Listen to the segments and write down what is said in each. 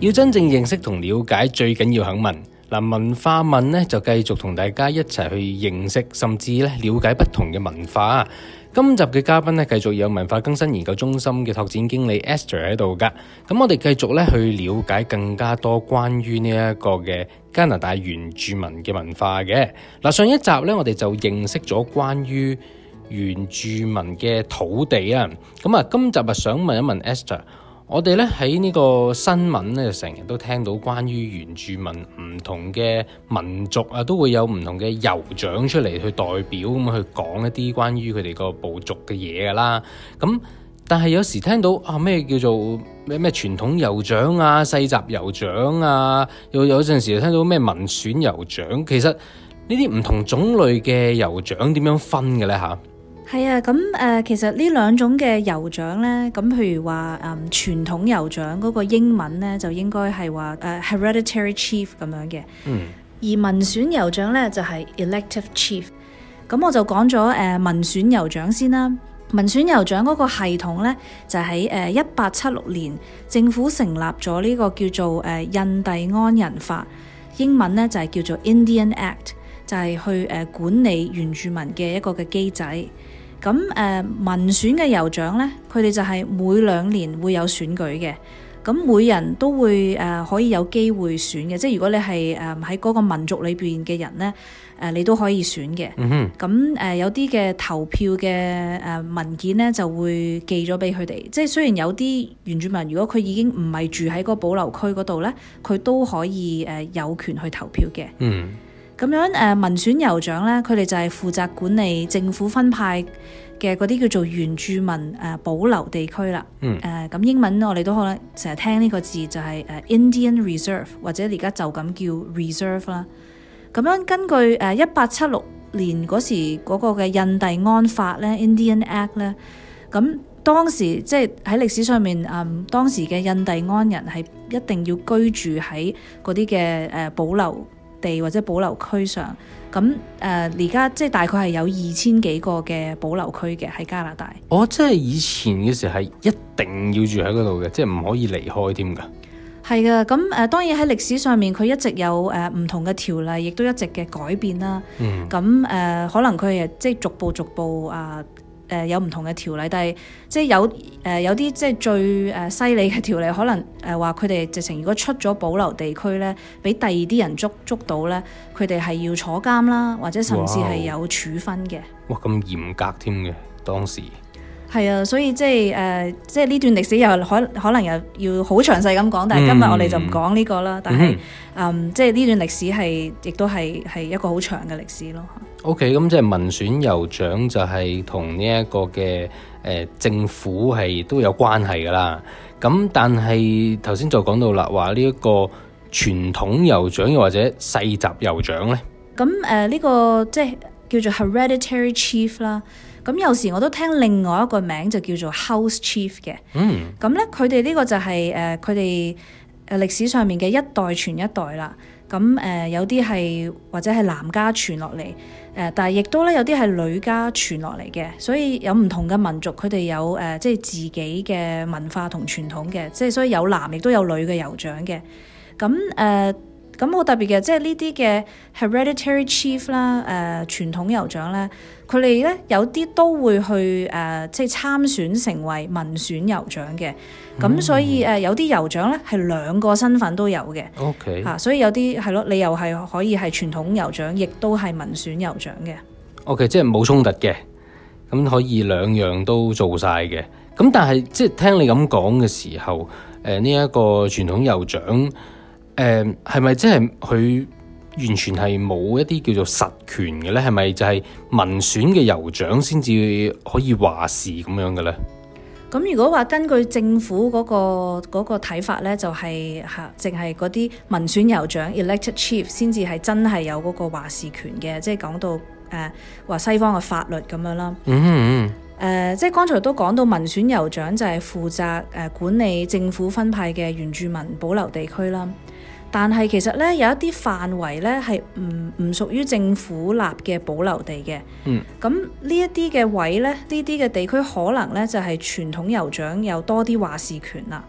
要真正認識同了解，最緊要肯問嗱。文化問咧，就繼續同大家一齊去認識，甚至咧了解不同嘅文化。今集嘅嘉賓咧，繼續有文化更新研究中心嘅拓展經理 Esther 喺度㗎。咁、嗯、我哋繼續咧去了解更加多關於呢一個嘅加拿大原住民嘅文化嘅嗱、嗯。上一集咧，我哋就認識咗關於原住民嘅土地啊。咁、嗯、啊，今集啊想問一問 Esther。我哋咧喺呢個新聞咧，成日都聽到關於原住民唔同嘅民族啊，都會有唔同嘅酋長出嚟去代表，咁去講一啲關於佢哋個部族嘅嘢㗎啦。咁、嗯、但係有時聽到啊，咩叫做咩咩傳統酋長啊、世襲酋長啊，又有陣時聽到咩民選酋長，其實呢啲唔同種類嘅酋長點樣分嘅咧嚇？係啊，咁、嗯、誒，其實呢兩種嘅酋長咧，咁譬如話誒、嗯、傳統酋長嗰個英文咧，就應該係話誒、uh, hereditary chief 咁樣嘅。嗯。而民選酋長咧就係、是、elective chief。咁、嗯、我就講咗誒、啊、民選酋長先啦。民選酋長嗰個系統咧，就喺誒一八七六年政府成立咗呢個叫做誒、啊、印第安人法，英文咧就係、是、叫做 Indian Act，就係去誒、啊、管理原住民嘅一個嘅機制。咁誒民選嘅酋長咧，佢哋就係每兩年會有選舉嘅，咁每人都會誒、呃、可以有機會選嘅，即係如果你係誒喺嗰個民族裏邊嘅人咧，誒、呃、你都可以選嘅。咁誒、mm-hmm. 嗯、有啲嘅投票嘅誒文件咧就會寄咗俾佢哋，即係雖然有啲原住民如果佢已經唔係住喺嗰個保留區嗰度咧，佢都可以誒、呃、有權去投票嘅。嗯、mm。Hmm. 咁樣誒、啊、民選酋長咧，佢哋就係負責管理政府分派嘅嗰啲叫做原住民誒、啊、保留地區啦。嗯。誒咁、啊、英文我哋都可能成日聽呢個字、就是，就係誒 Indian Reserve 或者而家就咁叫 Reserve 啦。咁樣根據誒一八七六年嗰時嗰個嘅印第安法咧，Indian Act 咧，咁、啊、當時即係喺歷史上面誒、嗯，當時嘅印第安人係一定要居住喺嗰啲嘅誒保留地或者保留區上，咁誒而家即係大概係有二千幾個嘅保留區嘅喺加拿大。哦，即係以前嘅時候係一定要住喺嗰度嘅，即係唔可以離開添㗎。係噶，咁誒、呃、當然喺歷史上面佢一直有誒、呃、唔同嘅條例，亦都一直嘅改變啦。嗯。咁誒、呃，可能佢誒即係逐步逐步啊。呃誒、呃，有唔同嘅條例，但係即係有誒、呃，有啲即係最誒犀利嘅條例，可能誒話佢哋直情如果出咗保留地區咧，俾第二啲人捉捉到咧，佢哋係要坐監啦，或者甚至係有處分嘅。哇，咁嚴格添嘅當時。係啊，所以即係誒、呃，即係呢段歷史又可可能又要好詳細咁講，但係今日我哋就唔講呢個啦。嗯、哼但係嗯，即係呢段歷史係亦都係係一個好長嘅歷史咯。O K，咁即係民選酋長就係同呢一個嘅誒、呃、政府係都有關係噶啦。咁、嗯、但係頭先就講到啦，話呢一個傳統酋長又或者世襲酋長咧？咁誒呢個即係。叫做 hereditary chief 啦，咁有時我都聽另外一個名就叫做 house chief 嘅。咁咧佢哋呢個就係誒佢哋誒歷史上面嘅一代傳一代啦。咁誒、呃、有啲係或者係男家傳落嚟，誒、呃、但係亦都咧有啲係女家傳落嚟嘅。所以有唔同嘅民族，佢哋有誒、呃、即係自己嘅文化同傳統嘅，即係所以有男亦都有女嘅酋長嘅。咁、嗯、誒。呃咁好特別嘅，即係呢啲嘅 Hereditary Chief 啦、呃，誒傳統酋長咧，佢哋咧有啲都會去誒、呃、即係參選成為民選酋長嘅。咁所以誒、嗯、有啲酋長咧係兩個身份都有嘅。O K 吓，所以有啲係咯，你又係可以係傳統酋長，亦都係民選酋長嘅。O、okay, K，即係冇衝突嘅，咁可以兩樣都做晒嘅。咁但係即係聽你咁講嘅時候，誒呢一個傳統酋長。誒係咪即係佢完全係冇一啲叫做實權嘅咧？係咪就係民選嘅酋長先至可以話事咁樣嘅咧？咁如果話根據政府嗰、嗰個睇、嗰個、法咧、就係，就係嚇淨係嗰啲民選酋長 （elected chief） 先至係真係有嗰個話事權嘅，即係講到誒話、呃、西方嘅法律咁樣啦。嗯哼、 呃，即係剛才都講到民選酋長就係負責誒管理政府分派嘅原住民保留地區啦。但係其實咧，有一啲範圍咧係唔唔屬於政府立嘅保留地嘅。嗯。咁呢一啲嘅位咧，呢啲嘅地區可能咧就係、是、傳統酋長有多啲話事權啦。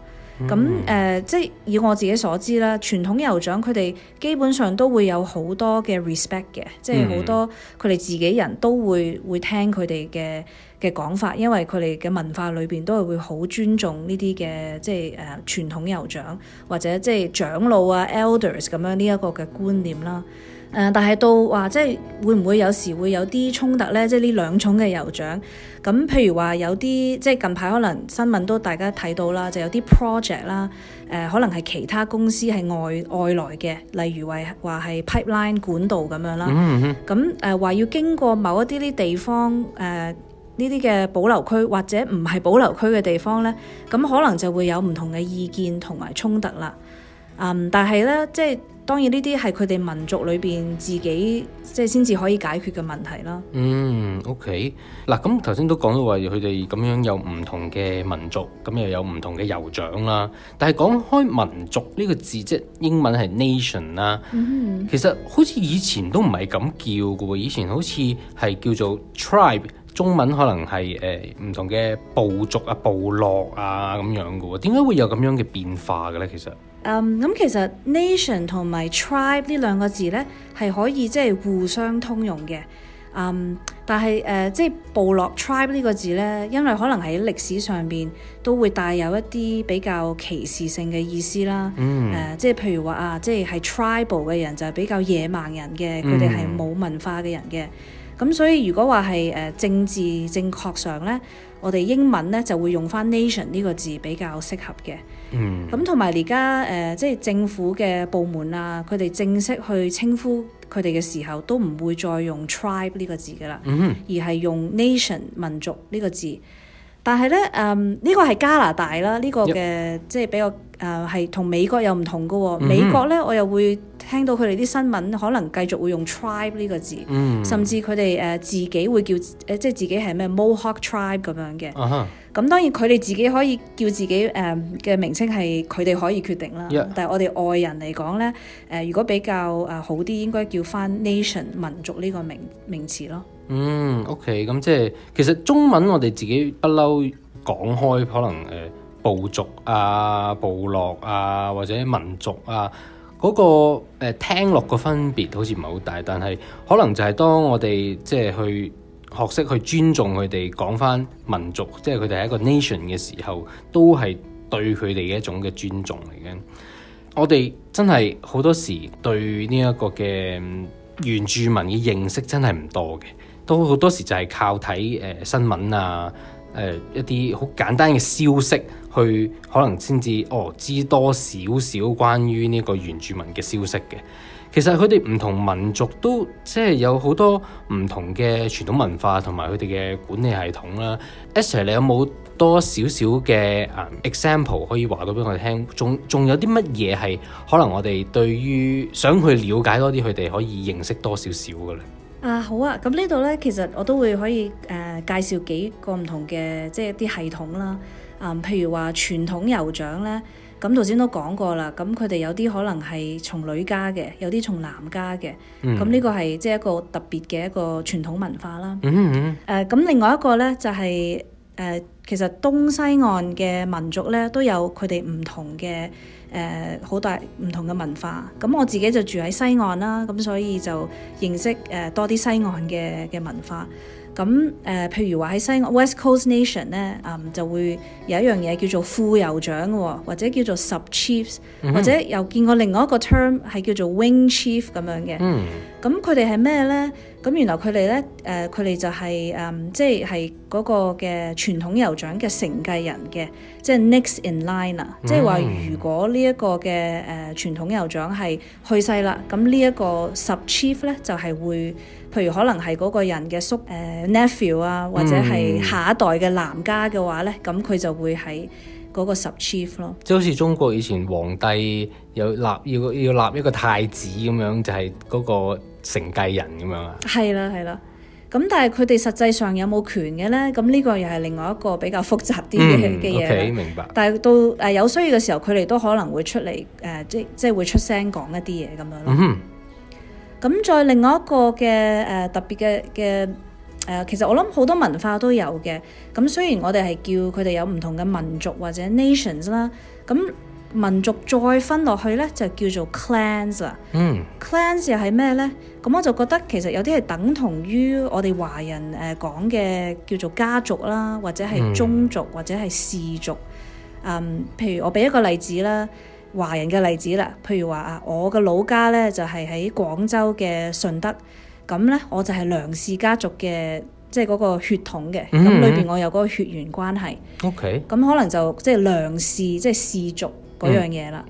咁誒、呃，即係以我自己所知啦，傳統酋長佢哋基本上都會有好多嘅 respect 嘅，即係好多佢哋自己人都會會聽佢哋嘅嘅講法，因為佢哋嘅文化裏邊都係會好尊重呢啲嘅，即係誒、呃、傳統酋長或者即係長老啊 elders 咁樣呢一個嘅觀念啦。誒、嗯，但係到話即係會唔會有時會有啲衝突呢？即係呢兩種嘅酋長咁，譬如話有啲即係近排可能新聞都大家睇到啦，就有啲 project 啦、呃，誒，可能係其他公司係外外來嘅，例如話話係 pipeline 管道咁樣啦。Mm hmm. 嗯咁誒話要經過某一啲啲地方，誒呢啲嘅保留區或者唔係保留區嘅地方呢，咁、嗯、可能就會有唔同嘅意見同埋衝突啦。嗯，但係呢，即係。當然呢啲係佢哋民族裏邊自己即係先至可以解決嘅問題啦。嗯，OK。嗱、嗯，咁頭先都講到話佢哋咁樣有唔同嘅民族，咁又有唔同嘅酋長啦。但係講開民族呢個字，即英文係 nation 啦。Mm hmm. 其實好似以前都唔係咁叫㗎喎，以前好似係叫做 tribe。中文可能係誒唔同嘅部族啊、部落啊咁樣嘅喎，點解會有咁樣嘅變化嘅咧？其實，um, 嗯，咁其實 nation 同埋 tribe 呢兩個字咧，係可以即係互相通用嘅。嗯，um, 但係誒、呃，即係部落 tribe 呢個字呢，因為可能喺歷史上邊都會帶有一啲比較歧視性嘅意思啦。嗯、mm. 呃。即係譬如話啊，即係係 tribal 嘅人就係比較野蠻人嘅，佢哋係冇文化嘅人嘅。咁所以如果話係誒政治正確上呢，我哋英文呢就會用翻 nation 呢個字比較適合嘅。Mm. 嗯。咁同埋而家誒，即係政府嘅部門啊，佢哋正式去稱呼佢哋嘅時候都唔會再用 tribe 呢個字噶啦，mm hmm. 而係用 nation 民族呢個字。但係呢，誒、嗯、呢、呢個係加拿大啦，呢、呢個嘅 Yep. 即係比較誒係同美國有唔同嘅喎、哦。Mm hmm. 美國呢，我又會，聽到佢哋啲新聞，可能繼續會用 tribe 呢個字，嗯、甚至佢哋誒自己會叫誒，uh, 即係自己係咩 Mohawk tribe 咁樣嘅。咁、uh huh. 嗯、當然佢哋自己可以叫自己誒嘅、uh, 名稱係佢哋可以決定啦。Yeah. 但係我哋外人嚟講咧，誒、呃、如果比較啊、uh, 好啲，應該叫翻 nation 民族呢個名名詞咯。嗯，OK，咁、嗯、即係其實中文我哋自己不嬲講開，可能誒部族啊、部落啊或者民族啊。嗰個誒聽落個分別好似唔係好大，但係可能就係當我哋即係去學識去尊重佢哋講返民族，即係佢哋係一個 nation 嘅時候，都係對佢哋嘅一種嘅尊重嚟嘅。我哋真係好多時對呢一個嘅原住民嘅認識真係唔多嘅，都好多時就係靠睇誒新聞啊。誒、呃、一啲好簡單嘅消息，去可能先至哦知多少少關於呢個原住民嘅消息嘅。其實佢哋唔同民族都即係有好多唔同嘅傳統文化同埋佢哋嘅管理系統啦。Esther，、欸、你有冇多少少嘅啊 example 可以話到俾我哋聽？仲仲有啲乜嘢係可能我哋對於想去了解多啲佢哋可以認識多少少嘅咧？啊好啊，咁呢度呢，其實我都會可以誒、呃、介紹幾個唔同嘅即係啲系統啦。嗯、呃，譬如話傳統酋長呢，咁頭先都講過啦，咁佢哋有啲可能係從女家嘅，有啲從男家嘅。嗯，咁呢個係即係一個特別嘅一個傳統文化啦。嗯咁、嗯 uh, 另外一個呢，就係、是。誒、呃，其實東西岸嘅民族咧都有佢哋唔同嘅誒，好、呃、大唔同嘅文化。咁、嗯、我自己就住喺西岸啦，咁、嗯、所以就認識誒、呃、多啲西岸嘅嘅文化。咁、嗯、誒、呃，譬如話喺西岸 West Coast Nation 咧，嗯，就會有一樣嘢叫做副酋長喎、哦，或者叫做 Sub Chiefs，或者又見過另外一個 term 係、mm hmm. 叫做 Wing Chief 咁樣嘅、mm hmm. 嗯。嗯。咁佢哋係咩咧？咁原來佢哋咧，誒佢哋就係、是、誒、嗯，即係係嗰個嘅傳統酋長嘅承繼人嘅，即係 next in line 啊！Mm hmm. 即係話如果呢一個嘅誒傳統酋長係去世啦，咁呢一個 sub chief 咧就係、是、會，譬如可能係嗰個人嘅叔誒、呃、nephew 啊，或者係下一代嘅男家嘅話咧，咁佢、mm hmm. 就會喺，嗰個十 chief 咯，即係好似中國以前皇帝有立要要立一個太子咁樣，就係、是、嗰個承繼人咁樣啊。係啦係啦，咁但係佢哋實際上有冇權嘅咧？咁呢個又係另外一個比較複雜啲嘅嘢。嗯，OK 明白。但係到誒有需要嘅時候，佢哋都可能會出嚟誒、呃，即即係會出聲講一啲嘢咁樣咯。咁再、嗯、哼另外一個嘅誒、呃、特別嘅嘅。誒，uh, 其實我諗好多文化都有嘅，咁雖然我哋係叫佢哋有唔同嘅民族或者 nations 啦，咁民族再分落去呢，就叫做 clans 啦，嗯、mm.，clans 又係咩呢？咁我就覺得其實有啲係等同於我哋華人誒、呃、講嘅叫做家族啦，或者係宗族或者係氏族，嗯，mm. um, 譬如我俾一個例子啦，華人嘅例子啦，譬如話啊，我嘅老家呢，就係、是、喺廣州嘅順德。咁咧，我就係梁氏家族嘅，即係嗰個血統嘅。咁裏邊我有嗰個血緣關係。OK。咁可能就即係梁氏，即係氏族嗰樣嘢啦。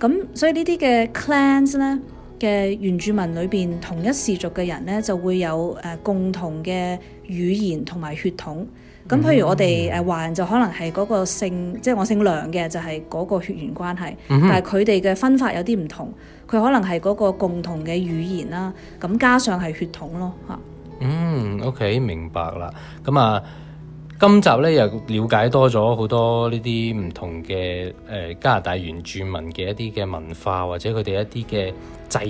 咁、mm hmm. 所以呢啲嘅 clans 咧嘅原住民裏邊，同一氏族嘅人咧就會有誒、呃、共同嘅語言同埋血統。咁、嗯、譬如我哋誒華人就可能係嗰個姓，即、就、係、是、我姓梁嘅就係嗰個血緣關係，嗯、哼但係佢哋嘅分法有啲唔同，佢可能係嗰個共同嘅語言啦，咁加上係血統咯嚇。嗯，OK，明白啦，咁啊。今集咧又了解多咗好多呢啲唔同嘅，誒、呃、加拿大原住民嘅一啲嘅文化或者佢哋一啲嘅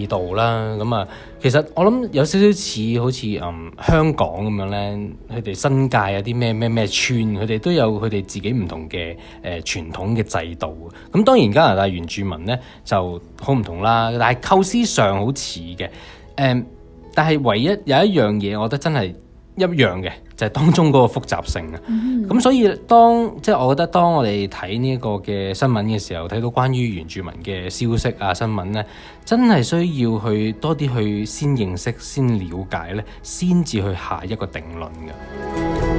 制度啦，咁、嗯、啊，其實我諗有少少似好似嗯香港咁樣咧，佢哋新界有啲咩咩咩村，佢哋都有佢哋自己唔同嘅誒、呃、傳統嘅制度。咁、嗯、當然加拿大原住民咧就好唔同啦，但係構思上好似嘅誒，但係唯一有一樣嘢，我覺得真係。一樣嘅就係、是、當中嗰個複雜性啊，咁、嗯、哼所以當即係、就是、我覺得當我哋睇呢一個嘅新聞嘅時候，睇到關於原住民嘅消息啊新聞呢，真係需要去多啲去先認識、先了解呢，先至去下一個定論嘅。